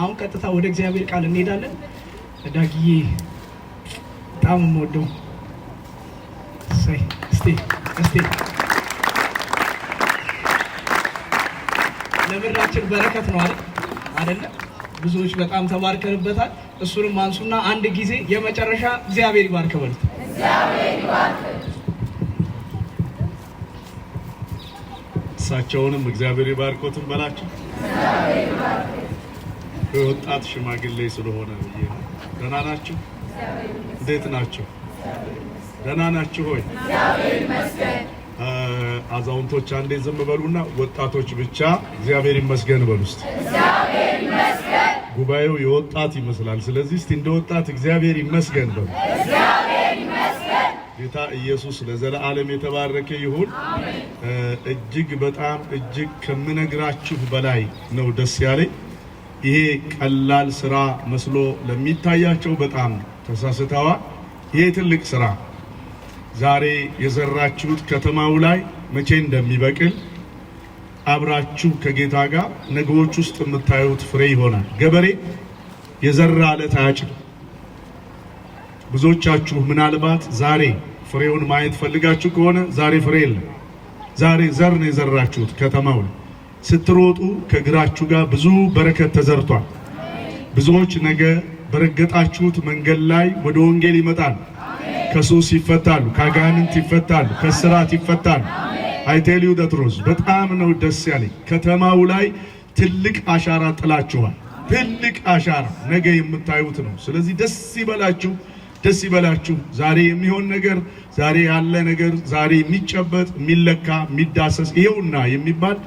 አሁን ቀጥታ ወደ እግዚአብሔር ቃል እንሄዳለን። ዳግዬ በጣም የምወደው ለምድራችን በረከት ነው አይደል? አይደለም ብዙዎች በጣም ተባርከንበታል። እሱንም አንሱና አንድ ጊዜ የመጨረሻ እግዚአብሔር ይባርክ በሉት። እሳቸውንም እግዚአብሔር ይባርኮትን በላቸው። በወጣት ሽማግሌ ስለሆነ ብዬ ነው። ደህና ናችሁ? እንዴት ናችሁ? ደህና ናችሁ ሆይ? አዛውንቶች አንዴ ዝም በሉና ወጣቶች ብቻ እግዚአብሔር ይመስገን በሉ እስቲ። ጉባኤው የወጣት ይመስላል። ስለዚህ እስቲ እንደ ወጣት እግዚአብሔር ይመስገን በሉ። ጌታ ኢየሱስ ለዘለዓለም የተባረከ ይሁን። እጅግ በጣም እጅግ ከምነግራችሁ በላይ ነው ደስ ያለኝ። ይሄ ቀላል ስራ መስሎ ለሚታያቸው በጣም ተሳስተዋል። ይሄ ትልቅ ስራ ዛሬ የዘራችሁት ከተማው ላይ መቼ እንደሚበቅል አብራችሁ ከጌታ ጋር ነገዎች ውስጥ የምታዩት ፍሬ ይሆናል። ገበሬ የዘራ ዕለት አያጭድም። ብዙዎቻችሁ ምናልባት ዛሬ ፍሬውን ማየት ፈልጋችሁ ከሆነ ዛሬ ፍሬ የለም። ዛሬ ዘር ነው የዘራችሁት ከተማው ላይ ስትሮጡ ከእግራችሁ ጋር ብዙ በረከት ተዘርቷል። ብዙዎች ነገ በረገጣችሁት መንገድ ላይ ወደ ወንጌል ይመጣሉ። ከሱስ ይፈታሉ፣ ከአጋንንት ይፈታሉ፣ ከስራት ይፈታሉ። አይቴልዩ ደትሮስ በጣም ነው ደስ ያለኝ። ከተማው ላይ ትልቅ አሻራ ጥላችኋል። ትልቅ አሻራ ነገ የምታዩት ነው። ስለዚህ ደስ ይበላችሁ፣ ደስ ይበላችሁ። ዛሬ የሚሆን ነገር፣ ዛሬ ያለ ነገር፣ ዛሬ የሚጨበጥ የሚለካ የሚዳሰስ ይሄውና የሚባል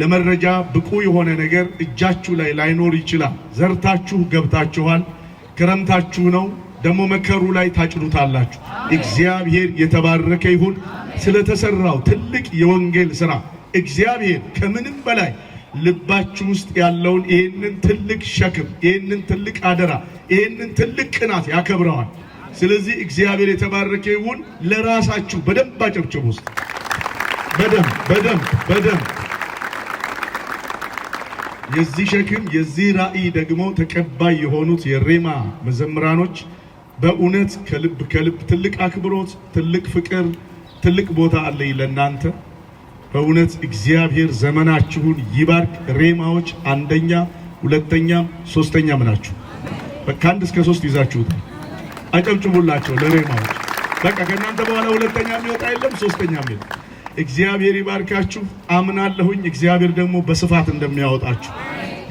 ለመረጃ ብቁ የሆነ ነገር እጃችሁ ላይ ላይኖር ይችላል። ዘርታችሁ ገብታችኋል። ክረምታችሁ ነው። ደግሞ መከሩ ላይ ታጭዱታላችሁ። እግዚአብሔር የተባረከ ይሁን። ስለተሰራው ትልቅ የወንጌል ስራ እግዚአብሔር ከምንም በላይ ልባችሁ ውስጥ ያለውን ይህንን ትልቅ ሸክም፣ ይህንን ትልቅ አደራ፣ ይህንን ትልቅ ቅናት ያከብረዋል። ስለዚህ እግዚአብሔር የተባረከ ይሁን። ለራሳችሁ በደንብ አጨብጭቡ ውስጥ በደንብ በደንብ በደንብ የዚህ ሸክም የዚህ ራእይ ደግሞ ተቀባይ የሆኑት የሬማ መዘምራኖች በእውነት ከልብ ከልብ ትልቅ አክብሮት፣ ትልቅ ፍቅር፣ ትልቅ ቦታ አለኝ ለእናንተ። በእውነት እግዚአብሔር ዘመናችሁን ይባርክ። ሬማዎች አንደኛ፣ ሁለተኛም ሶስተኛም ናችሁ። ከአንድ እስከ ሶስት ይዛችሁታል። አጨብጭቡላቸው ለሬማዎች። በቃ ከእናንተ በኋላ ሁለተኛ የሚወጣ የለም፣ ሶስተኛ የለም። እግዚአብሔር ይባርካችሁ። አምናለሁኝ እግዚአብሔር ደግሞ በስፋት እንደሚያወጣችሁ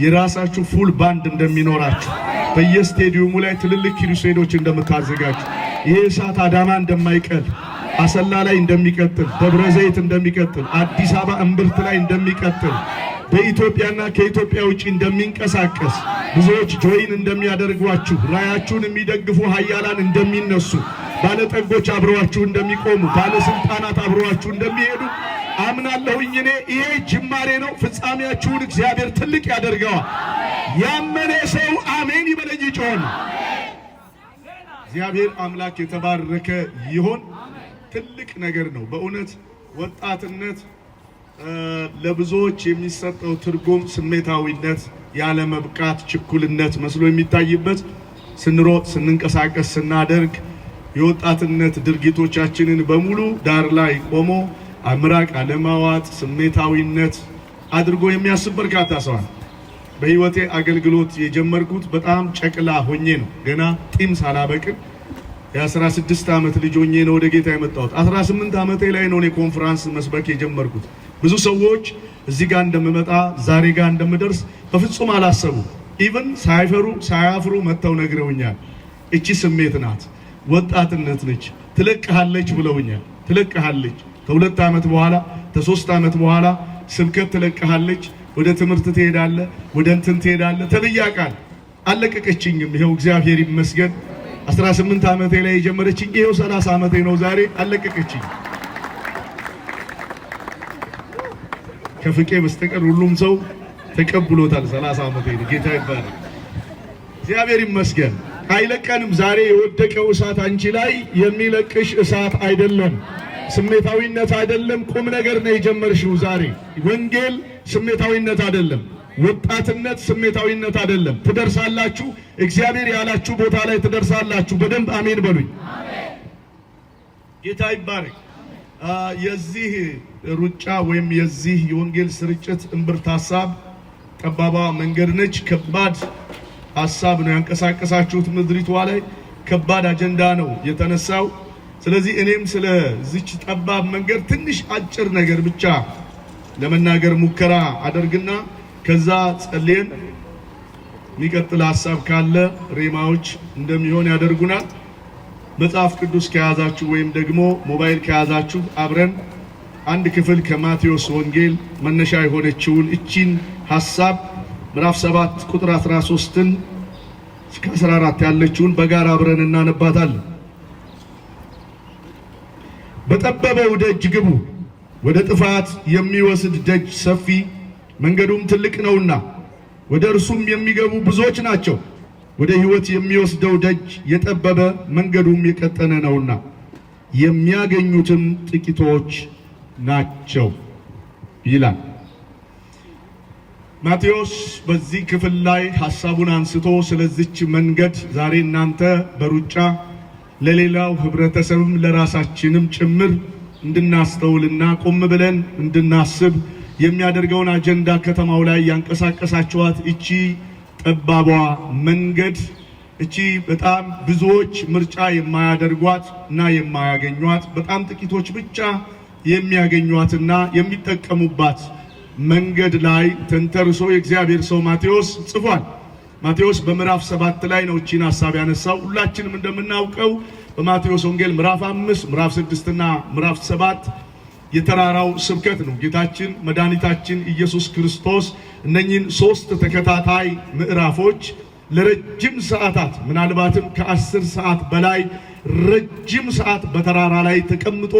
የራሳችሁ ፉል ባንድ እንደሚኖራችሁ በየስቴዲየሙ ላይ ትልልቅ ክሩሴዶች እንደምታዘጋጁ ይሄ እሳት አዳማ እንደማይቀል አሰላ ላይ እንደሚቀጥል፣ ደብረ ዘይት እንደሚቀጥል፣ አዲስ አበባ እምብርት ላይ እንደሚቀጥል፣ በኢትዮጵያና ከኢትዮጵያ ውጪ እንደሚንቀሳቀስ፣ ብዙዎች ጆይን እንደሚያደርጓችሁ፣ ራያችሁን የሚደግፉ ሀያላን እንደሚነሱ ባለጠጎች አብረዋችሁ እንደሚቆሙ፣ ባለስልጣናት አብረዋችሁ እንደሚሄዱ አምናለሁኝ። እኔ ይሄ ጅማሬ ነው። ፍጻሜያችሁን እግዚአብሔር ትልቅ ያደርገዋል። ያመነ ሰው አሜን ይበለኝ። ጮሆን እግዚአብሔር አምላክ የተባረከ ይሆን። ትልቅ ነገር ነው በእውነት ወጣትነት ለብዙዎች የሚሰጠው ትርጉም ስሜታዊነት፣ ያለ መብቃት፣ ችኩልነት መስሎ የሚታይበት ስንሮጥ፣ ስንንቀሳቀስ፣ ስናደርግ የወጣትነት ድርጊቶቻችንን በሙሉ ዳር ላይ ቆሞ አምራቅ አለማዋጥ፣ ስሜታዊነት አድርጎ የሚያስብ በርካታ ሰዋል። በህይወቴ አገልግሎት የጀመርኩት በጣም ጨቅላ ሆኜ ነው። ገና ጢም ሳላበቅል የ16 ዓመት ልጅ ሆኜ ነው ወደ ጌታ የመጣሁት። 18 ዓመቴ ላይ ነው እኔ ኮንፍራንስ መስበክ የጀመርኩት። ብዙ ሰዎች እዚህ ጋር እንደምመጣ ዛሬ ጋር እንደምደርስ በፍጹም አላሰቡ። ኢቭን ሳይፈሩ ሳያፍሩ መጥተው ነግረውኛል። እቺ ስሜት ናት። ወጣትነት ነች፣ ትለቅሃለች ብለውኛል። ትለቅሃለች ከሁለት ዓመት በኋላ ከሶስት ዓመት በኋላ ስብከት ትለቅሃለች፣ ወደ ትምህርት ትሄዳለ፣ ወደ እንትን ትሄዳለ ተብያ ቃል አለቀቀችኝም። ይኸው እግዚአብሔር ይመስገን 18 ዓመቴ ላይ የጀመረችኝ ይኸው 30 ዓመቴ ነው ዛሬ አለቀቀችኝ። ከፍቄ በስተቀር ሁሉም ሰው ተቀብሎታል። 30 ዓመቴ ጌታ ይባላል። እግዚአብሔር ይመስገን። አይለቀንም። ዛሬ የወደቀው እሳት አንቺ ላይ የሚለቅሽ እሳት አይደለም፣ ስሜታዊነት አይደለም። ቁም ነገር ነው የጀመርሽው ዛሬ። ወንጌል ስሜታዊነት አይደለም፣ ወጣትነት ስሜታዊነት አይደለም። ትደርሳላችሁ፣ እግዚአብሔር ያላችሁ ቦታ ላይ ትደርሳላችሁ። በደንብ አሜን በሉኝ። ጌታ ይባረክ። የዚህ ሩጫ ወይም የዚህ የወንጌል ስርጭት እምብርት ሀሳብ ጠባባ መንገድ ነች። ከባድ ሀሳብ ነው ያንቀሳቀሳችሁት ምድሪቷ ላይ ከባድ አጀንዳ ነው የተነሳው። ስለዚህ እኔም ስለዚች ጠባብ መንገድ ትንሽ አጭር ነገር ብቻ ለመናገር ሙከራ አደርግና ከዛ ጸልየን የሚቀጥል ሀሳብ ካለ ሬማዎች እንደሚሆን ያደርጉናል። መጽሐፍ ቅዱስ ከያዛችሁ ወይም ደግሞ ሞባይል ከያዛችሁ አብረን አንድ ክፍል ከማቴዎስ ወንጌል መነሻ የሆነችውን እቺን ሀሳብ ምዕራፍ 7 ቁጥር 13ን እስከ 14 ያለችውን በጋራ አብረን እናነባታለን። በጠበበው ደጅ ግቡ፣ ወደ ጥፋት የሚወስድ ደጅ ሰፊ መንገዱም ትልቅ ነውና ወደ እርሱም የሚገቡ ብዙዎች ናቸው። ወደ ሕይወት የሚወስደው ደጅ የጠበበ መንገዱም የቀጠነ ነውና የሚያገኙትም ጥቂቶች ናቸው ይላል። ማቴዎስ በዚህ ክፍል ላይ ሀሳቡን አንስቶ ስለዚች መንገድ ዛሬ እናንተ በሩጫ ለሌላው ህብረተሰብም ለራሳችንም ጭምር እንድናስተውልና ቆም ብለን እንድናስብ የሚያደርገውን አጀንዳ ከተማው ላይ ያንቀሳቀሳቸዋት እቺ ጠባቧ መንገድ እቺ በጣም ብዙዎች ምርጫ የማያደርጓት እና የማያገኟት በጣም ጥቂቶች ብቻ የሚያገኟትና የሚጠቀሙባት መንገድ ላይ ተንተርሶ የእግዚአብሔር ሰው ማቴዎስ ጽፏል። ማቴዎስ በምዕራፍ ሰባት ላይ ነው እቺን ሀሳብ ያነሳው። ሁላችንም እንደምናውቀው በማቴዎስ ወንጌል ምዕራፍ አምስት ምዕራፍ ስድስትና ምዕራፍ ሰባት የተራራው ስብከት ነው። ጌታችን መድኃኒታችን ኢየሱስ ክርስቶስ እነኚህን ሶስት ተከታታይ ምዕራፎች ለረጅም ሰዓታት ምናልባትም ከአስር ሰዓት በላይ ረጅም ሰዓት በተራራ ላይ ተቀምጦ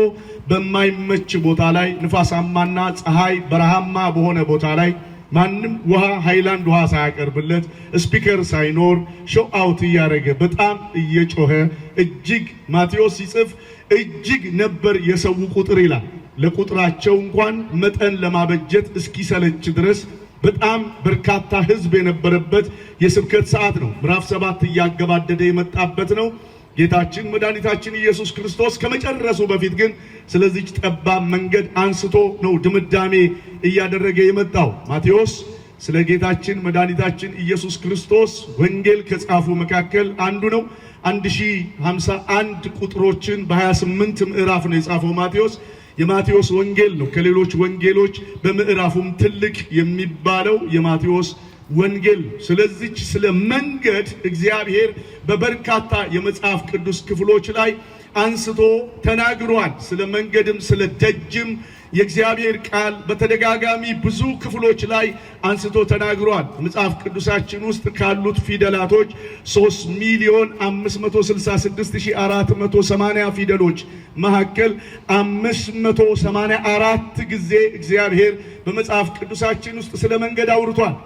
በማይመች ቦታ ላይ ንፋሳማና ፀሐይ በረሃማ በሆነ ቦታ ላይ ማንም ውሃ ሃይላንድ ውሃ ሳያቀርብለት ስፒከር ሳይኖር ሾው አውት እያደረገ በጣም እየጮኸ እጅግ ማቴዎስ ሲጽፍ እጅግ ነበር የሰው ቁጥር ይላል። ለቁጥራቸው እንኳን መጠን ለማበጀት እስኪሰለች ድረስ በጣም በርካታ ሕዝብ የነበረበት የስብከት ሰዓት ነው። ምዕራፍ ሰባት እያገባደደ የመጣበት ነው። ጌታችን መድኃኒታችን ኢየሱስ ክርስቶስ ከመጨረሱ በፊት ግን ስለዚች ጠባብ መንገድ አንስቶ ነው ድምዳሜ እያደረገ የመጣው። ማቴዎስ ስለ ጌታችን መድኃኒታችን ኢየሱስ ክርስቶስ ወንጌል ከጻፉ መካከል አንዱ ነው። 1051 ቁጥሮችን በ28 ምዕራፍ ነው የጻፈው ማቴዎስ። የማቴዎስ ወንጌል ነው ከሌሎች ወንጌሎች በምዕራፉም ትልቅ የሚባለው የማቴዎስ ወንጌል ስለዚች ስለ መንገድ እግዚአብሔር በበርካታ የመጽሐፍ ቅዱስ ክፍሎች ላይ አንስቶ ተናግሯል። ስለ መንገድም ስለ ደጅም የእግዚአብሔር ቃል በተደጋጋሚ ብዙ ክፍሎች ላይ አንስቶ ተናግሯል። መጽሐፍ ቅዱሳችን ውስጥ ካሉት ፊደላቶች 3 ሚሊዮን 566480 ፊደሎች መካከል 584 ጊዜ እግዚአብሔር በመጽሐፍ ቅዱሳችን ውስጥ ስለ መንገድ አውርቷል።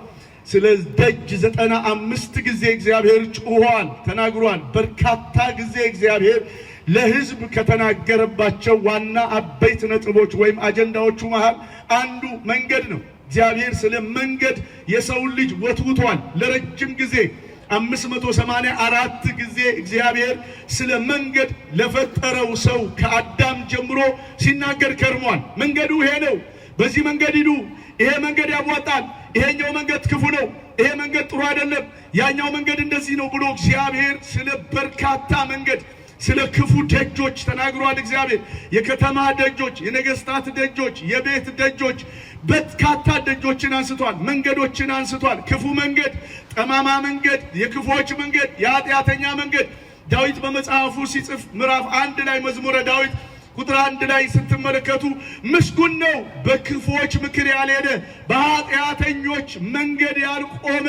ስለ ደጅ ዘጠና አምስት ጊዜ እግዚአብሔር ጩኋል፣ ተናግሯል። በርካታ ጊዜ እግዚአብሔር ለሕዝብ ከተናገረባቸው ዋና አበይት ነጥቦች ወይም አጀንዳዎቹ መሃል አንዱ መንገድ ነው። እግዚአብሔር ስለ መንገድ የሰውን ልጅ ወትውቷል ለረጅም ጊዜ። አምስት መቶ ሰማንያ አራት ጊዜ እግዚአብሔር ስለ መንገድ ለፈጠረው ሰው ከአዳም ጀምሮ ሲናገር ከርሟል። መንገዱ ይሄ ነው። በዚህ መንገድ ሂዱ፣ ይሄ መንገድ ያዋጣል፣ ይሄኛው መንገድ ክፉ ነው፣ ይሄ መንገድ ጥሩ አይደለም፣ ያኛው መንገድ እንደዚህ ነው ብሎ እግዚአብሔር ስለ በርካታ መንገድ ስለ ክፉ ደጆች ተናግሯል። እግዚአብሔር የከተማ ደጆች፣ የነገስታት ደጆች፣ የቤት ደጆች፣ በርካታ ደጆችን አንስቷል፣ መንገዶችን አንስቷል። ክፉ መንገድ፣ ጠማማ መንገድ፣ የክፉዎች መንገድ፣ የኃጢአተኛ መንገድ ዳዊት በመጽሐፉ ሲጽፍ ምዕራፍ አንድ ላይ መዝሙረ ዳዊት ቁጥር አንድ ላይ ስትመለከቱ ምስጉን ነው በክፉዎች ምክር ያልሄደ፣ በኃጢአተኞች መንገድ ያልቆመ፣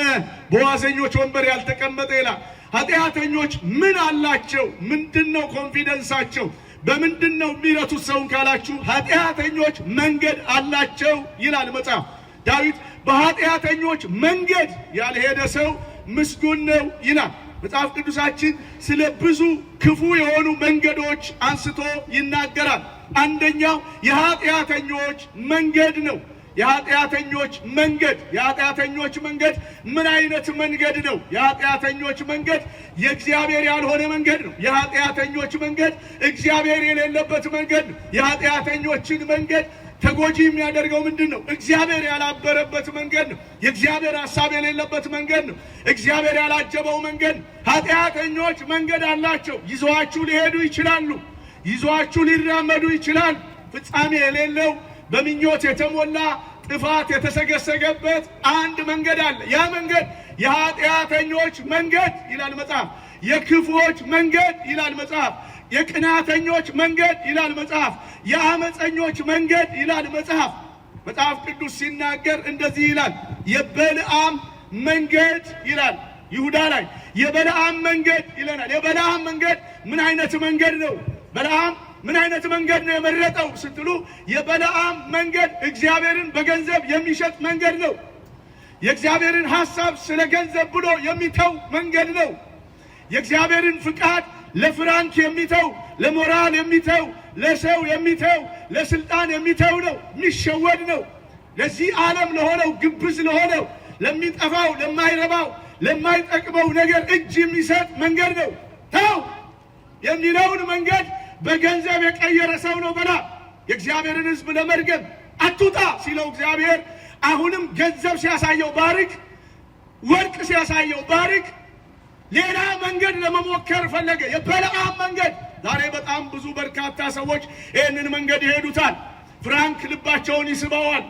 በዋዘኞች ወንበር ያልተቀመጠ ይላል። ኃጢአተኞች ምን አላቸው? ምንድን ነው ኮንፊደንሳቸው? በምንድን ነው የሚረቱት ሰውን ካላችሁ፣ ኃጢአተኞች መንገድ አላቸው ይላል መጽሐፍ። ዳዊት በኃጢአተኞች መንገድ ያልሄደ ሰው ምስጉን ነው ይላል። መጽሐፍ ቅዱሳችን ስለ ብዙ ክፉ የሆኑ መንገዶች አንስቶ ይናገራል። አንደኛው የኃጢአተኞች መንገድ ነው። የኃጢአተኞች መንገድ የኃጢአተኞች መንገድ ምን አይነት መንገድ ነው? የኃጢአተኞች መንገድ የእግዚአብሔር ያልሆነ መንገድ ነው። የኃጢአተኞች መንገድ እግዚአብሔር የሌለበት መንገድ ነው። የኃጢአተኞችን መንገድ ተጎጂ የሚያደርገው ምንድን ነው? እግዚአብሔር ያላበረበት መንገድ ነው። የእግዚአብሔር ሀሳብ የሌለበት መንገድ ነው። እግዚአብሔር ያላጀበው መንገድ ነው። ኃጢአተኞች መንገድ አላቸው። ይዘዋችሁ ሊሄዱ ይችላሉ። ይዘዋችሁ ሊራመዱ ይችላል። ፍጻሜ የሌለው በምኞት የተሞላ ጥፋት የተሰገሰገበት አንድ መንገድ አለ። ያ መንገድ የኃጢአተኞች መንገድ ይላል መጽሐፍ። የክፉዎች መንገድ ይላል መጽሐፍ። የቅናተኞች መንገድ ይላል መጽሐፍ፣ የአመፀኞች መንገድ ይላል መጽሐፍ። መጽሐፍ ቅዱስ ሲናገር እንደዚህ ይላል፣ የበልአም መንገድ ይላል ይሁዳ ላይ የበልአም መንገድ ይለናል። የበልዓም መንገድ ምን አይነት መንገድ ነው? በልዓም ምን አይነት መንገድ ነው የመረጠው ስትሉ፣ የበልዓም መንገድ እግዚአብሔርን በገንዘብ የሚሸጥ መንገድ ነው። የእግዚአብሔርን ሐሳብ ስለ ገንዘብ ብሎ የሚተው መንገድ ነው። የእግዚአብሔርን ፍቃድ ለፍራንክ የሚተው ለሞራል የሚተው ለሰው የሚተው ለስልጣን የሚተው ነው፣ የሚሸወድ ነው። ለዚህ ዓለም ለሆነው ግብዝ ለሆነው ለሚጠፋው ለማይረባው ለማይጠቅመው ነገር እጅ የሚሰጥ መንገድ ነው። ተው የሚለውን መንገድ በገንዘብ የቀየረ ሰው ነው በላ የእግዚአብሔርን ሕዝብ ለመርገም አትውጣ ሲለው እግዚአብሔር አሁንም ገንዘብ ሲያሳየው ባርክ፣ ወርቅ ሲያሳየው ባርክ ሌላ መንገድ ለመሞከር ፈለገ። የበለዓም መንገድ። ዛሬ በጣም ብዙ በርካታ ሰዎች ይህንን መንገድ ይሄዱታል። ፍራንክ ልባቸውን ይስበዋል።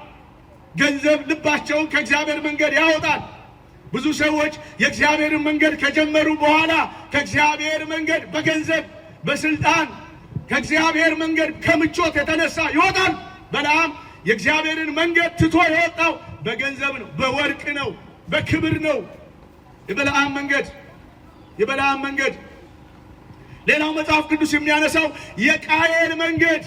ገንዘብ ልባቸውን ከእግዚአብሔር መንገድ ያወጣል። ብዙ ሰዎች የእግዚአብሔርን መንገድ ከጀመሩ በኋላ ከእግዚአብሔር መንገድ በገንዘብ በስልጣን ከእግዚአብሔር መንገድ ከምቾት የተነሳ ይወጣል። በለዓም የእግዚአብሔርን መንገድ ትቶ የወጣው በገንዘብ ነው፣ በወርቅ ነው፣ በክብር ነው። የበለዓም መንገድ የበለዓም መንገድ። ሌላው መጽሐፍ ቅዱስ የሚያነሳው የቃየል መንገድ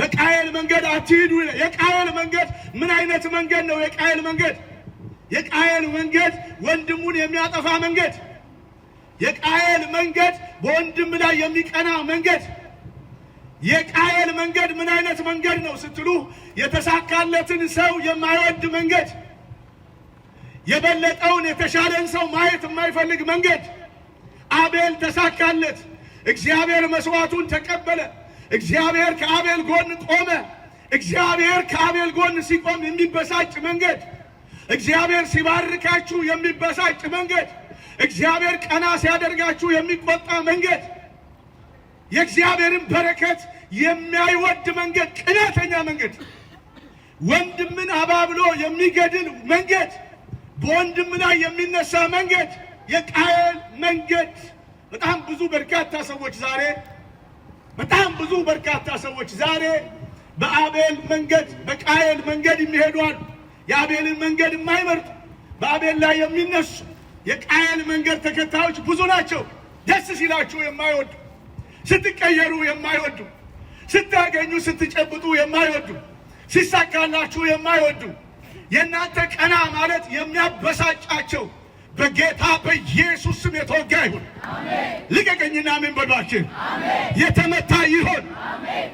በቃየል መንገድ አትሂዱ። የቃየል መንገድ ምን አይነት መንገድ ነው? የቃየል መንገድ የቃየል መንገድ ወንድሙን የሚያጠፋ መንገድ፣ የቃየል መንገድ በወንድም ላይ የሚቀና መንገድ። የቃየል መንገድ ምን አይነት መንገድ ነው ስትሉ፣ የተሳካለትን ሰው የማይወድ መንገድ፣ የበለጠውን የተሻለን ሰው ማየት የማይፈልግ መንገድ አቤል ተሳካለት። እግዚአብሔር መስዋዕቱን ተቀበለ። እግዚአብሔር ከአቤል ጎን ቆመ። እግዚአብሔር ከአቤል ጎን ሲቆም የሚበሳጭ መንገድ፣ እግዚአብሔር ሲባርካችሁ የሚበሳጭ መንገድ፣ እግዚአብሔር ቀና ሲያደርጋችሁ የሚቆጣ መንገድ፣ የእግዚአብሔርን በረከት የሚያይወድ መንገድ፣ ቅናተኛ መንገድ፣ ወንድምን አባብሎ የሚገድል መንገድ፣ በወንድም ላይ የሚነሳ መንገድ፣ የቃየል መንገድ በጣም ብዙ በርካታ ሰዎች ዛሬ በጣም ብዙ በርካታ ሰዎች ዛሬ በአቤል መንገድ በቃየል መንገድ የሚሄዱ አሉ። የአቤልን መንገድ የማይመርጡ በአቤል ላይ የሚነሱ የቃየል መንገድ ተከታዮች ብዙ ናቸው። ደስ ሲላችሁ የማይወዱ ስትቀየሩ የማይወዱ ስታገኙ ስትጨብጡ የማይወዱ ሲሳካላችሁ የማይወዱ የእናንተ ቀና ማለት የሚያበሳጫቸው በጌታ በኢየሱስ ስም የተወጋ ይሁን። ልቀቀኝና ምን በሏችን የተመታ ይሆን።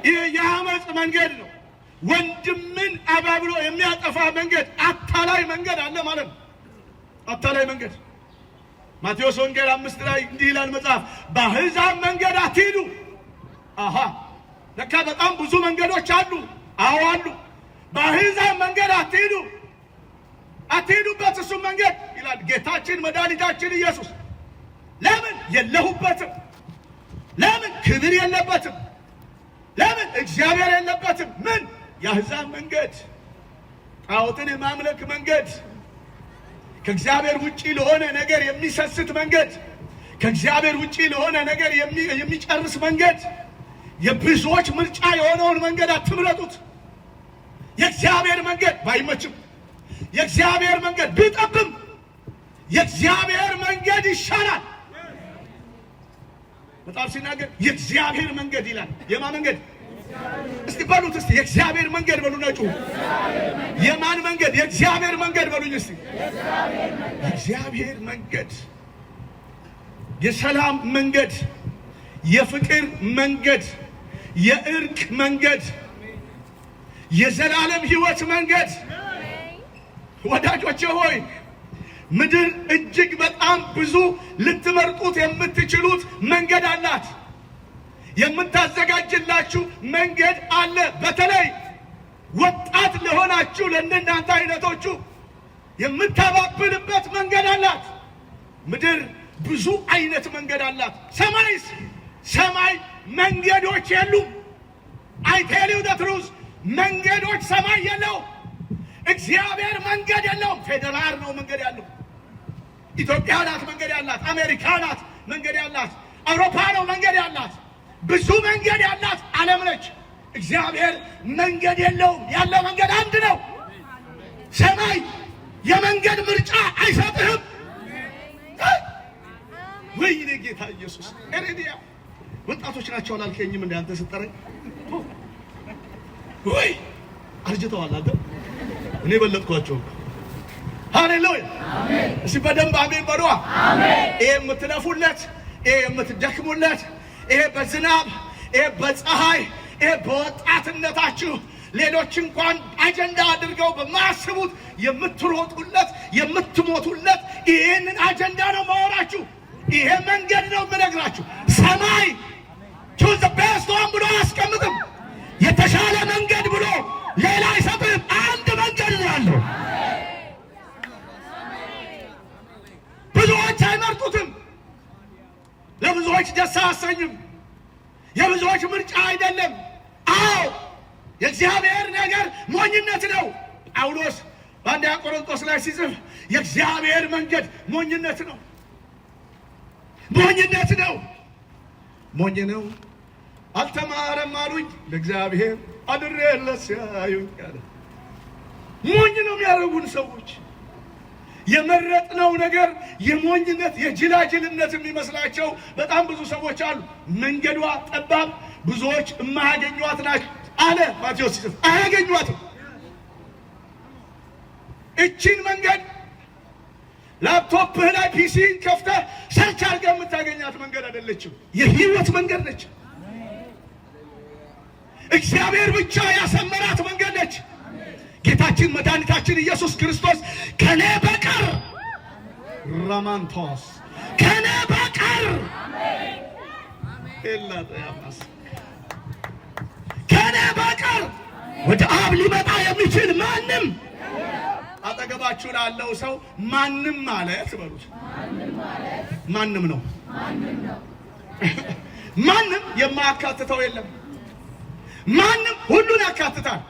ይህ የአመፅ መንገድ ነው። ወንድምን አባብሎ የሚያጠፋ መንገድ፣ አታላይ መንገድ አለ ማለት ነው። አታላይ መንገድ ማቴዎስ ወንጌል አምስት ላይ እንዲህ ይላል መጽሐፍ፣ በአሕዛብ መንገድ አትሂዱ። አሃ ለካ በጣም ብዙ መንገዶች አሉ። አዎ አሉ። በአሕዛብ መንገድ አትሂዱ፣ አትሂዱበት እሱም መንገድ ይላል ጌታችን መድኃኒታችን ኢየሱስ። ለምን የለሁበትም? ለምን ክብር የለበትም? ለምን እግዚአብሔር የለበትም? ምን የአሕዛብ መንገድ፣ ጣዖትን የማምለክ መንገድ፣ ከእግዚአብሔር ውጪ ለሆነ ነገር የሚሰስት መንገድ፣ ከእግዚአብሔር ውጪ ለሆነ ነገር የሚጨርስ መንገድ፣ የብዙዎች ምርጫ የሆነውን መንገድ አትምረጡት። የእግዚአብሔር መንገድ ባይመችም የእግዚአብሔር መንገድ ቢጠብም የእግዚአብሔር መንገድ ይሻላል። በጣም ሲናገር የእግዚአብሔር መንገድ ይላል። የማ መንገድ እስቲ በሉት እስቲ የእግዚአብሔር መንገድ በሉ ነጩ። የማን መንገድ? የእግዚአብሔር መንገድ በሉኝ እስቲ። የእግዚአብሔር መንገድ የሰላም መንገድ፣ የፍቅር መንገድ፣ የእርቅ መንገድ፣ የዘላለም ሕይወት መንገድ ወዳጆቼ ሆይ ምድር እጅግ በጣም ብዙ ልትመርጡት የምትችሉት መንገድ አላት። የምታዘጋጅላችሁ መንገድ አለ። በተለይ ወጣት ለሆናችሁ ለእናንተ አይነቶቹ የምታባብልበት መንገድ አላት። ምድር ብዙ አይነት መንገድ አላት። ሰማይስ? ሰማይ መንገዶች የሉም። አይ ቴል መንገዶች ሰማይ የለው። እግዚአብሔር መንገድ የለውም። ፌዴራል ነው መንገድ ያለው ኢትዮጵያ ናት መንገድ ያላት፣ አሜሪካ ናት መንገድ ያላት፣ አውሮፓ ነው መንገድ ያላት፣ ብዙ መንገድ ያላት ዓለም ነች። እግዚአብሔር መንገድ የለውም። ያለው መንገድ አንድ ነው። ሰማይ የመንገድ ምርጫ አይሰጥህም። ወይኔ ጌታ ኢየሱስ ኤሬዲያ ወጣቶች ናቸው አላልከኝም? እንደ አንተ ስጠረኝ ወይ አርጅተዋል። አንተ እኔ በለጥኳቸው። ሃሌሉያ። እሺ በደንብ አሜን በሏ። ይሄ የምትለፉለት፣ ይሄ የምትደክሙለት፣ ይሄ በዝናብ ይሄ በፀሐይ ይሄ በወጣትነታችሁ ሌሎች እንኳን አጀንዳ አድርገው በማያስቡት የምትሮጡለት የምትሞቱለት፣ ይህንን አጀንዳ ነው ማወራችሁ። ይሄ መንገድ ነው የምነግራችሁ። ሰማይ ቹዝ ቤስት ቤስቶን ብሎ አያስቀምጥም። የተሻለ መንገድ ብሎ ሌላ አይሰጥም። አንድ መንገድ ነው ያለው። ብዙዎች አይመርጡትም። ለብዙዎች ደስ አያሰኝም። የብዙዎች ምርጫ አይደለም። አዎ የእግዚአብሔር ነገር ሞኝነት ነው። ጳውሎስ በአንደኛ ቆሮንቶስ ላይ ሲጽፍ የእግዚአብሔር መንገድ ሞኝነት ነው፣ ሞኝነት ነው፣ ሞኝ ነው። አልተማረም አሉኝ ለእግዚአብሔር አድሬ የለ ሲያዩኝ ሞኝ ነው የሚያደርጉን ሰዎች የመረጥነው ነገር የሞኝነት የጅላጅልነት የሚመስላቸው በጣም ብዙ ሰዎች አሉ። መንገዷ ጠባብ፣ ብዙዎች የማያገኟት ናቸው አለ ማቴዎስ። አያገኟትም። እቺን መንገድ ላፕቶፕህ ላይ ፒሲን ከፍተህ ሰርች አድርገህ የምታገኛት መንገድ አይደለችም። የህይወት መንገድ ነች። እግዚአብሔር ብቻ ያሰመራት መንገድ ነች። ጌታችን መድኃኒታችን ኢየሱስ ክርስቶስ ከኔ በቀር ራማንቶስ ከኔ በቀር ከኔ በቀር ወደ አብ ሊመጣ የሚችል ማንም አጠገባችሁ ላለው ሰው ማንም ማለት በሉት። ማንም ነው። ማንም የማያካትተው የለም። ማንም ሁሉን ያካትታል።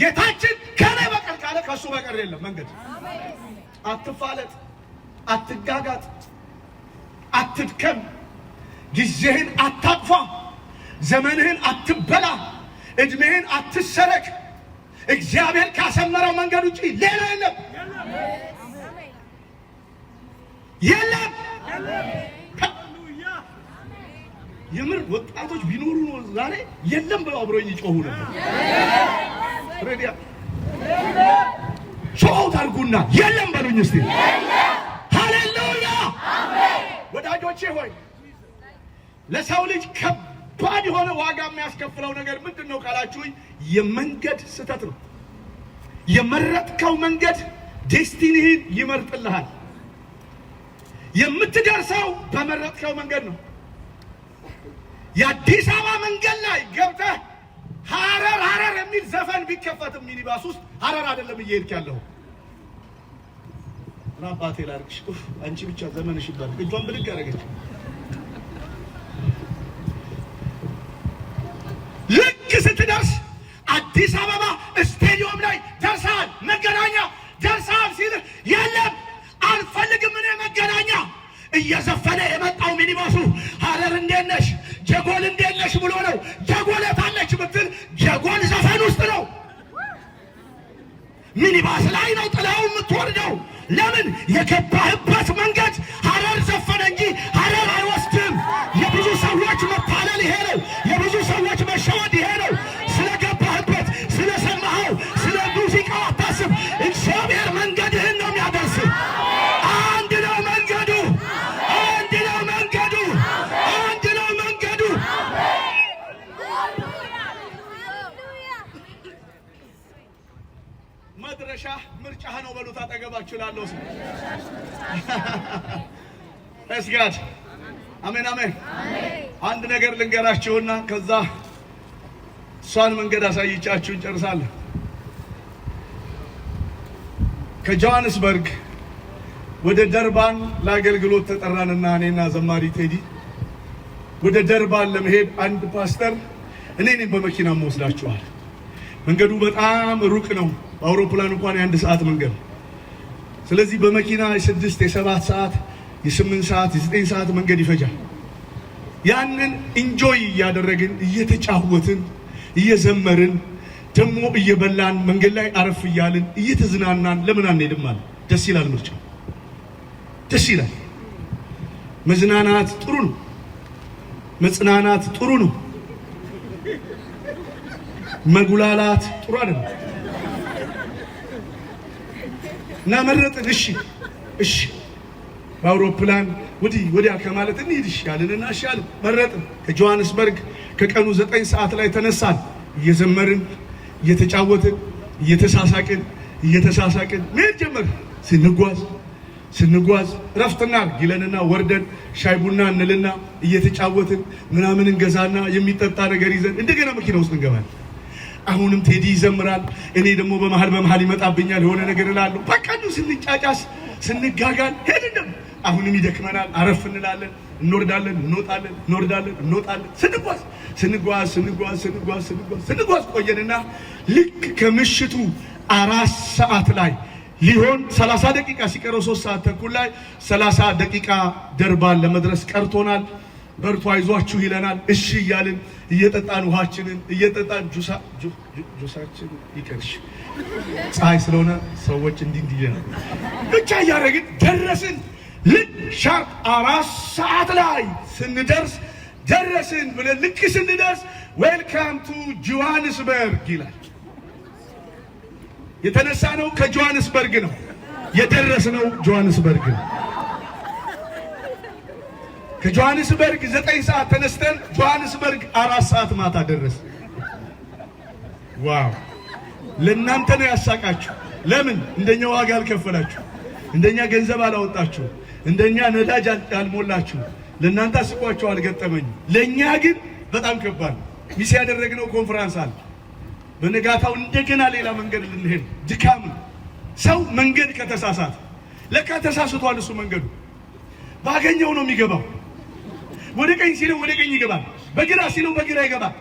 ጌታችን ከኔ በቀር ካለ ከእሱ በቀር የለም መንገድ። አትፋለጥ፣ አትጋጋጥ፣ አትድከም፣ ጊዜህን አታጥፋ፣ ዘመንህን አትበላ፣ እድሜህን አትሰረቅ። እግዚአብሔር ካሰመረው መንገድ ውጪ ሌላ የለም የለም። የምር ወጣቶች ቢኖሩ ነው ዛሬ የለም ብለው አብሮኝ ይጮሁ ነበር። ሾውት አድርጉና የለም በሉኝ እስቲ። ሃሌሉያ ወዳጆቼ ሆይ ለሰው ልጅ ከባድ የሆነ ዋጋ የሚያስከፍለው ነገር ምንድን ነው ካላችሁኝ፣ የመንገድ ስህተት ነው። የመረጥከው መንገድ ዴስቲኒህን ይመርጥልሃል። የምትደርሰው በመረጥከው መንገድ ነው። የአዲስ አበባ መንገድ ላይ ገብተህ ሀረር ሀረር የሚል ዘፈን ቢከፈትም ሚኒባስ ውስጥ ሀረር አይደለም እየሄድክ ያለው ምን አባቴ ላድርግሽ? አንቺ ብቻ ዘመንሽ ይባል። እጇን ብድግ ያደረገች ልክ ስትደርስ አዲስ አበባ ስቴዲየም ላይ ደርሰሃል፣ መገናኛ ደርሰሃል ሲልህ የለም አልፈልግም እኔ መገናኛ እየዘፈነ የመጣው ሚኒባሱ ሀረር እንዴት ነሽ ጀጎል እንዴት ነሽ ብሎ ነው። ጀጎል የታለች ብትል ጀጎል ዘፈን ውስጥ ነው። ሚኒባስ ላይ ነው ጥላው የምትወርደው። ለምን የገባህበት መንገድ ሀረር ዘፈነ እንጂ ጋር አሜን አሜን። አንድ ነገር ልንገራችሁና ከዛ እሷን መንገድ አሳይቻችሁ እንጨርሳለን። ከጆሃንስበርግ ወደ ደርባን ለአገልግሎት ተጠራንና እኔና ዘማሪ ቴዲ ወደ ደርባን ለመሄድ አንድ ፓስተር እኔ እኔም በመኪና ወስዳችኋል። መንገዱ በጣም ሩቅ ነው። በአውሮፕላን እንኳን የአንድ ሰዓት መንገድ። ስለዚህ በመኪና የስድስት የሰባት ሰዓት የስምንት ሰዓት የዘጠኝ ሰዓት መንገድ ይፈጃል። ያንን እንጆይ እያደረግን እየተጫወትን እየዘመርን ደግሞ እየበላን መንገድ ላይ አረፍ እያልን እየተዝናናን ለምን አንሄድም? አለ። ደስ ይላል። ምርጫ ደስ ይላል። መዝናናት ጥሩ ነው። መጽናናት ጥሩ ነው። መጉላላት ጥሩ አይደለም። እና መረጥን። እሺ፣ እሺ በአውሮፕላን ወዲህ ወዲያ ከማለት እንሂድ ይሻልንና ሻል መረጥን። ከጆሃንስበርግ ከቀኑ ዘጠኝ ሰዓት ላይ ተነሳን። እየዘመርን እየተጫወትን እየተሳሳቅን እየተሳሳቅን መሄድ ጀመር። ስንጓዝ ስንጓዝ እረፍትና ይለንና ወርደን ሻይ ቡና እንልና እየተጫወትን ምናምን እንገዛና የሚጠጣ ነገር ይዘን እንደገና መኪና ውስጥ እንገባለን። አሁንም ቴዲ ይዘምራል፣ እኔ ደግሞ በመሀል በመሀል ይመጣብኛል የሆነ ነገር እላለሁ። በቀኑ ስንጫጫስ ስንጋጋል ሄድን። አሁንም ይደክመናል። አረፍ እንላለን፣ እንወርዳለን፣ እንወጣለን፣ እንወርዳለን፣ እንወጣለን። ስንጓዝ ስንጓዝ ስንጓዝ ስንጓዝ ስንጓዝ ስንጓዝ ቆየንና ልክ ከምሽቱ አራት ሰዓት ላይ ሊሆን 30 ደቂቃ ሲቀረው 3 ሰዓት ተኩል ላይ 30 ደቂቃ ደርባን ለመድረስ ቀርቶናል። በርቱ አይዟችሁ ይለናል። እሺ እያልን እየጠጣን ውሃችንን እየጠጣን ጁሳ ጁሳችን ይከርሽ ፀሐይ ስለሆነ ሰዎች እንዲህ እንዲህ ብቻ እያደረግን ደረስን። ልክ ሻርፕ አራት ሰዓት ላይ ስንደርስ ደረስን ብለን ልክ ስንደርስ ዌልካም ቱ ጆሃንስበርግ ይላል። የተነሳ ነው ከጆሃንስበርግ ነው የደረስነው ጆሃንስበርግ ነው። ከጆሃንስበርግ ዘጠኝ ሰዓት ተነስተን ጆሃንስበርግ አራት ሰዓት ማታ ደረስ ዋው! ለእናንተ ነው ያሳቃችሁ። ለምን እንደኛ ዋጋ አልከፈላችሁ፣ እንደኛ ገንዘብ አላወጣችሁም? እንደኛ ነዳጅ አልሞላችሁ፣ ለእናንተ አስቋቸው አልገጠመኝ። ለእኛ ግን በጣም ከባድ ሚስ ያደረግነው ኮንፈረንስ አለ። በነጋታው እንደገና ሌላ መንገድ ልንሄድ ድካም። ሰው መንገድ ከተሳሳት ለካ ተሳስቷል። እሱ መንገዱ ባገኘው ነው የሚገባው። ወደ ቀኝ ሲለው ወደ ቀኝ ይገባል፣ በግራ ሲለው በግራ ይገባል።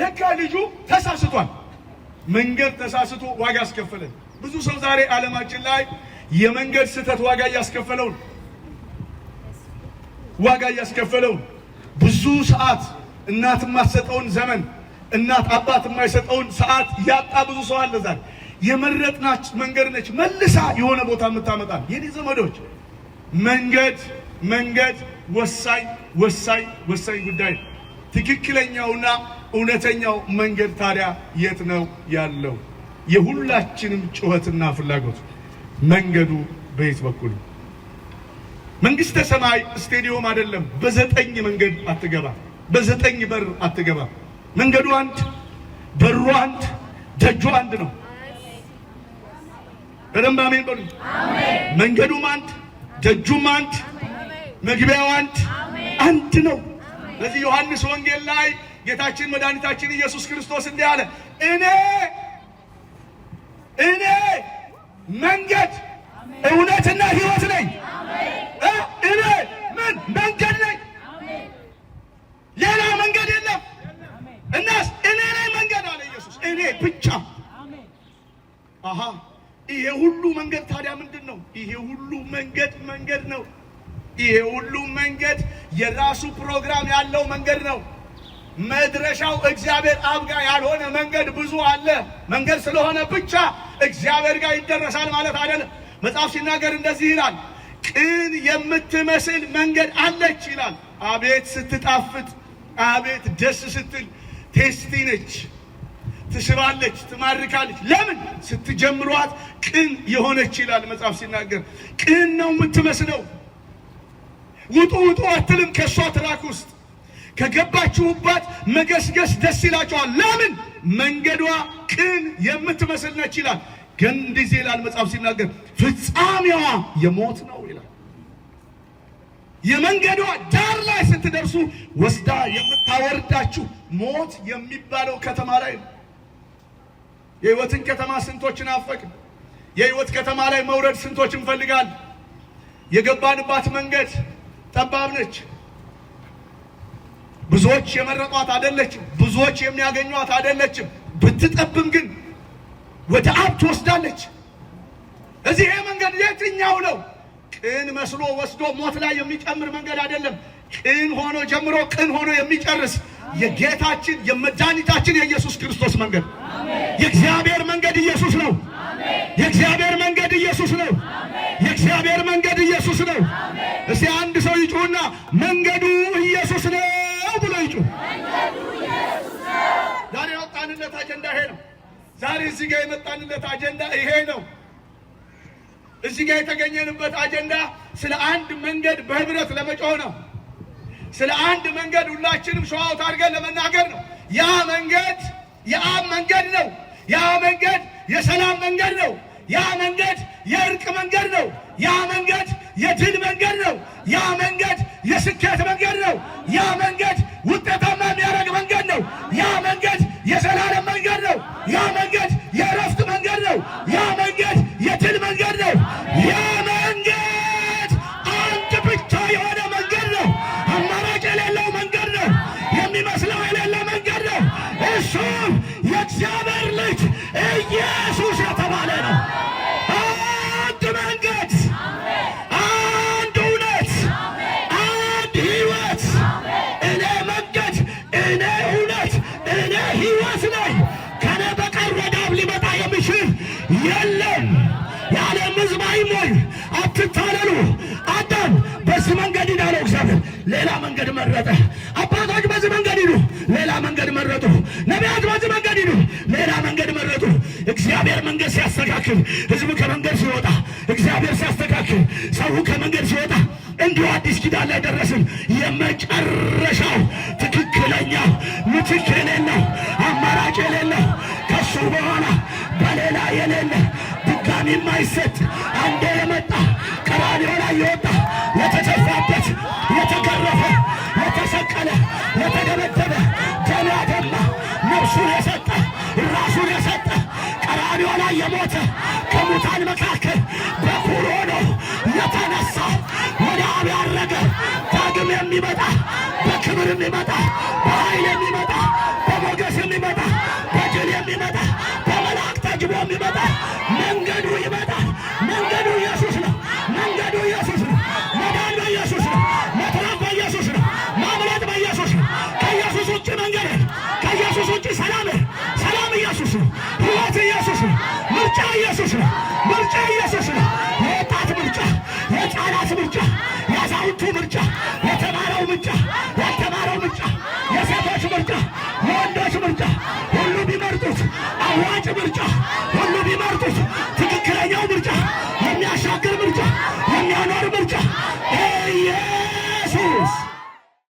ለካ ልጁ ተሳስቷል። መንገድ ተሳስቶ ዋጋ አስከፈለ። ብዙ ሰው ዛሬ ዓለማችን ላይ የመንገድ ስህተት ዋጋ እያስከፈለው ነው። ዋጋ እያስከፈለው ብዙ ሰዓት እናት የማትሰጠውን ዘመን እናት አባት የማይሰጠውን ሰዓት ያጣ ብዙ ሰው አለ። ዛሬ የመረጥናች መንገድ ነች መልሳ የሆነ ቦታ የምታመጣል። የኔ ዘመዶች መንገድ መንገድ ወሳኝ ወሳኝ ወሳኝ ጉዳይ። ትክክለኛውና እውነተኛው መንገድ ታዲያ የት ነው ያለው? የሁላችንም ጩኸትና ፍላጎት መንገዱ በየት በኩል መንግስተ ሰማይ ስቴዲዮም አይደለም። በዘጠኝ መንገድ አትገባ፣ በዘጠኝ በር አትገባ። መንገዱ አንድ፣ በሩ አንድ፣ ደጁ አንድ ነው። በደንብ አሜን በሉ። መንገዱም አንድ፣ ደጁም አንድ፣ መግቢያው አንድ አንድ ነው። በዚህ ዮሐንስ ወንጌል ላይ ጌታችን መድኃኒታችን ኢየሱስ ክርስቶስ እንዲህ አለ፣ እኔ እኔ መንገድ እውነትና ህይወት ነኝ። እኔ ምን መንገድ ነኝ፣ ሌላ መንገድ የለም። እናስ እኔ ላይ መንገድ አለ ኢየሱስ፣ እኔ ብቻ። አሃ ይሄ ሁሉ መንገድ ታዲያ ምንድን ነው? ይሄ ሁሉ መንገድ መንገድ ነው። ይሄ ሁሉ መንገድ የራሱ ፕሮግራም ያለው መንገድ ነው። መድረሻው እግዚአብሔር አብ ጋር ያልሆነ መንገድ ብዙ አለ። መንገድ ስለሆነ ብቻ እግዚአብሔር ጋር ይደረሳል ማለት አይደለም። መጽሐፍ ሲናገር እንደዚህ ይላል፣ ቅን የምትመስል መንገድ አለች ይላል። አቤት ስትጣፍጥ፣ አቤት ደስ ስትል፣ ቴስቲ ነች፣ ትስባለች፣ ትማርካለች። ለምን ስትጀምሯት ቅን የሆነች ይላል መጽሐፍ ሲናገር። ቅን ነው የምትመስለው። ውጡ ውጡ አትልም ከእሷ ትራክ ውስጥ ከገባችሁባት መገስገስ ደስ ይላችኋል። ለምን መንገዷ ቅን የምትመስል ነች ይላል። ግን እንዲህ ይላል መጽሐፍ ሲናገር ፍጻሜዋ የሞት ነው ይላል። የመንገዷ ዳር ላይ ስትደርሱ ወስዳ የምታወርዳችሁ ሞት የሚባለው ከተማ ላይ ነው። ከተማ ስንቶች ናፈቅን? የህይወት ከተማ ላይ መውረድ ስንቶች እንፈልጋለን? የገባንባት መንገድ ጠባብ ነች። ብዙዎች የመረጧት አይደለችም። ብዙዎች የሚያገኟት አይደለችም። ብትጠብም ግን ወደ አብ ትወስዳለች። እዚህ ይሄ መንገድ የትኛው ነው? ቅን መስሎ ወስዶ ሞት ላይ የሚጨምር መንገድ አይደለም። ቅን ሆኖ ጀምሮ ቅን ሆኖ የሚጨርስ የጌታችን የመድኃኒታችን የኢየሱስ ክርስቶስ መንገድ፣ የእግዚአብሔር መንገድ ኢየሱስ ነው። የእግዚአብሔር መንገድ ኢየሱስ ነው። የእግዚአብሔር መንገድ ኢየሱስ ነው። እስቲ አንድ ሰው ይጩና መንገዱ ኢየሱስ ነው ብሎ ይጩህ። ዛሬ ወጣንለት አጀንዳ ይሄ ነው። ዛሬ እዚህ ጋር የመጣንለት አጀንዳ ይሄ ነው። እዚህ ጋር የተገኘንበት አጀንዳ ስለ አንድ መንገድ በህብረት ለመጮህ ነው። ስለ አንድ መንገድ ሁላችንም ሸዋውት አድርገን ለመናገር ነው። ያ መንገድ የአብ መንገድ ነው። ያ መንገድ የሰላም መንገድ ነው። ያ መንገድ የእርቅ መንገድ ነው። ያ መንገድ የድል መንገድ ነው። ያ መንገድ የስኬት መንገድ ነው። ያ መንገድ ውጤታማ የሚያደርግ መንገድ ነው። ያ መንገድ የዘላለም መንገድ ነው። ያ መንገድ የእረፍት መንገድ ነው። ያ መንገድ የድል መንገድ ነው። ያ መንገድ አንድ ብቻ የሆነ መንገድ ነው። አማራጭ የሌለው መንገድ ነው። የሚመስለው የሌለ መንገድ ነው። እሱም የእግዚአብሔር ልጅ ኢየሱስ ሌላ መንገድ መረጠ። አባቶች በዚህ መንገድ ይሉ፣ ሌላ መንገድ መረጡ። ነቢያት በዚህ መንገድ ይሉ፣ ሌላ መንገድ መረጡ። እግዚአብሔር መንገድ ሲያስተካክል፣ ህዝቡ ከመንገድ ሲወጣ፣ እግዚአብሔር ሲያስተካክል፣ ሰው ከመንገድ ሲወጣ እንዲሁ አዲስ ኪዳን ላይ ደረስን። የመጨረሻው ትክክለኛ ምትክ የሌለው አማራጭ የሌለው ከሱ በኋላ በሌላ የሌለ ድጋሚ የማይሰጥ አንዴ የመጣ ቀራንዮ ላይ የወጣ የተተፋበት በቀራንዮ ላይ የሞተ ከሙታን መካከል በኩር ሆኖ የተነሳ ወደ አብ ያረገ ዳግም የሚመጣ በክብር የሚመጣ በኃይል የሚመጣ በሞገስ የሚመጣ በድል የሚመጣ በመላእክት አጅቦ የሚመጣ መንገዱ ይመጣል። ምርጫ፣ የአዛውንቱ ምርጫ፣ የተማረው ምርጫ፣ ያልተማረው ምርጫ፣ የሴቶች ምርጫ፣ የወንዶች ምርጫ፣ ሁሉ ቢመርጡት አዋጭ ምርጫ፣ ሁሉ ቢመርጡት